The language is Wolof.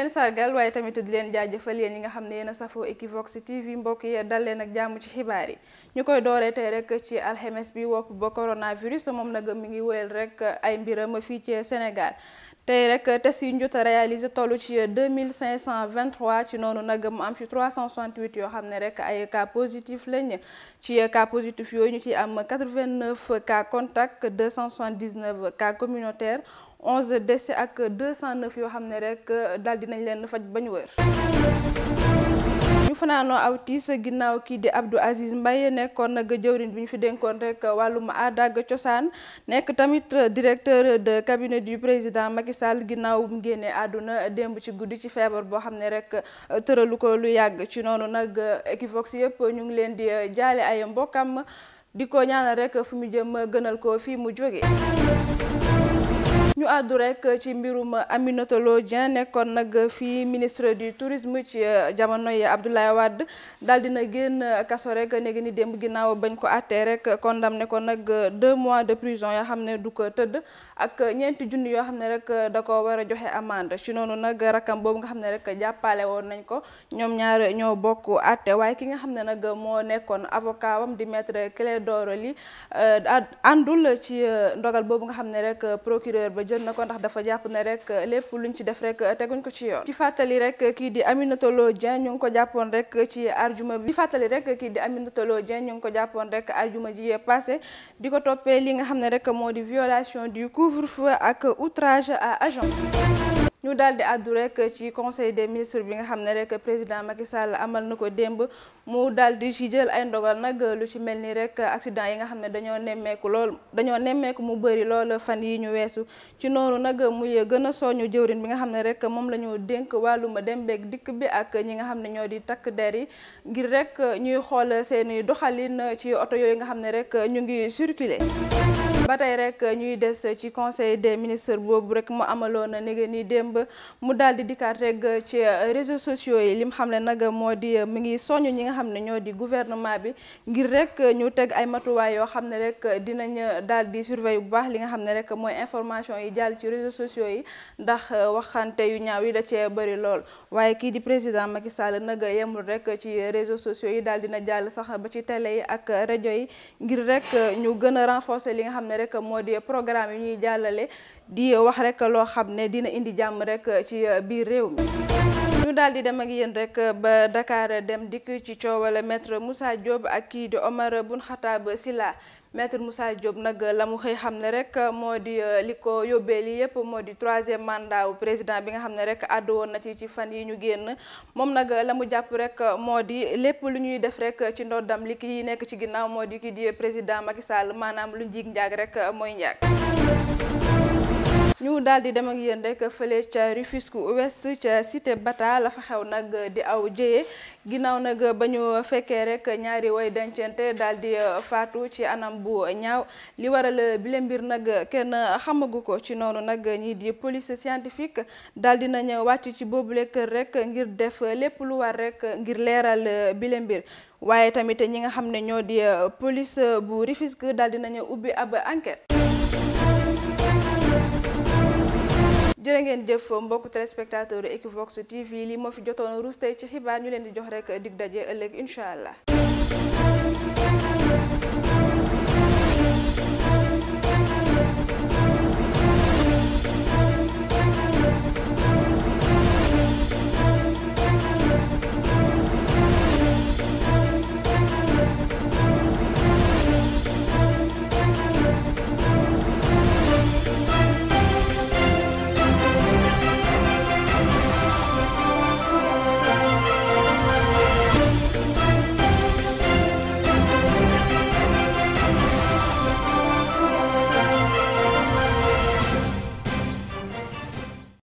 leen sargal waaye tamit di leen jaajëfal yéen yi nga xam ne yéen a safoo Equivox TV mbokk yi dal leen ak jàmm ci xibaar yi ñu koy dooree tey rek ci alxemes bi wopp ba coronavirus moom nag mi ngi wéyal rek ay mbiram fii ci Sénégal tey rek test yu ñu jot a réalisé toll ci 2523 ci noonu nag mu am ci 368 yoo xam ne rek ay cas positif lañ ci cas positif yooyu ñu ci am 89 cas contact 279 cas communautaire 11 décès ak 209 yoo xam ne rek daal dinañ leen faj ba ñu wër fanaanoo aw tiis ginnaaw kii di Abdou Aziz mbay nekkoon nag jëwriñ bi ñu fi dénkoon rek wàllum aada ak cosaan nekk tamit directeur de cabinet du président Macky Sall ginnaaw bu mu àdduna démb ci guddi ci feebar boo xam ne rek tëralu ko lu yàgg ci noonu nag Equivox yëpp ñu ngi leen di jaale ay mbokkam di ko ñaanal rek fu mu jëm gënal ko fii mu jóge ñu àddu rek ci mbirum Aminata Lô Dieng nekkoon nag fii ministre du tourisme ci euh, jamonoy Abdoulaye Wade daal dina génn kaso rek néegi ni démb ginnaaw bañ ko àttee rek condamné ko nag deux mois de prison yoo xam ne du ko tëdd ak ñeenti junni yoo xam ne rek da ko war a joxe amende ci noonu nag rakam boobu nga xam ne rek jàppale woon nañ ko ñoom ñaar ñoo bokk àtte waaye ki nga xam ne nag moo nekkoon avocat wam di maître Clédor Ly euh, àndul ci euh, jël na ko ndax dafa jàpp ne rek euh, lépp luñ ci def rek euh, teguñ ko ci yoon ci fàttali rek euh, kii di Aminata Lô Dieng ñu ngi ko jàppoon rek ci arjuma bi ci fàttali rek kii di Aminata Lô Dieng ñu ngi ko jàppoon rek arjuma ji passé di ko toppee li nga xam ne rek moo di violation du couvre-feu ak outrage à agent ñu daal di àddu rekk ci conseil des ministres bi nga xam ne rek président Macky Sall amal na ko démb mu daal di ci jël ay ndogal nag lu ci mel ni rek accident yi nga xam ne dañoo nemmeeku lool dañoo nemmeeku mu bëri lool fan yi ñu weesu ci noonu nag muy gën a soñu jëwrin bi nga xam ne rek moom la dénk wàlluma dem beeg dikk bi ak ñi nga xam ne ñoo di takk der yi ngir rek ñuy xool seeni doxalin ci oto yooyu nga xam ne rek ñu ngi circuler ba tey rek ñuy des ci conseil des ministres boobu rek mu amaloon nege ni démb mu daal di dikkaat rek ci réseaux sociaux yi lim xam ne nag moo di mi ngi soññ ñi nga xam ne ñoo di gouvernement bi ngir rek ñu teg ay matuwaay yoo xam ne rek dinañ daal di surveiller bu baax li nga xam ne rek mooy information yi jàll ci réseaux sociaux yi ndax waxante yu ñaaw yi da cee bëri lool waaye kii di président Macky Sall nag yemul rek ci réseaux sociaux yi daal na jàll sax ba ci télé yi ak rajo yi ngir rek ñu gën a li nga xam ne rek moo di programme yi ñuy jàllale di wax rek loo xam ne dina indi jàmm rek ci biir réew mi daal di dem ak yéen rek euh, ba Dakar dem dikk ci coowal maître Moussa Diop ak kii di Omar Boun ba sila maître Moussa Diop nag la mu xëy xam ne rek moo di euh, li ko yóbbee li yépp moo di troisième mandat président bi nga xam ne rek àddu woon na ci ci fan yi ñu génn moom nag la mu jàpp rek moo di lépp lu ñuy def rek ci ndoddam li ki nekk ci ginnaaw moo di kii di président Macky Sall maanaam lu njiig njaag rek mooy njaag ñu daal di dem ak yéen rek fële ca Rufisque Ouest ca cité Bata la fa xew nag di aw jëye ginnaaw nag ba ñu fekkee rek ñaari way dencante daal di euh, faatu ci anam bu ñaaw li waral euh, bile mbir nag kenn xamagu ko ci noonu nag ñii di police scientifique daal di nañ wàcc ci boobule kër rek ngir def lépp lu war rek ngir leeral euh, bile mbir. waaye tamit ñi nga xam ne ñoo di police bu Rufisque daal di nañu ubbi ab enquête. jërë ngeen jëf mbokk téléspectateur Equivox TV li moo fi jotoon ruus tey ci xibaar ñu leen di jox rek dig daje ëllëg incha allah.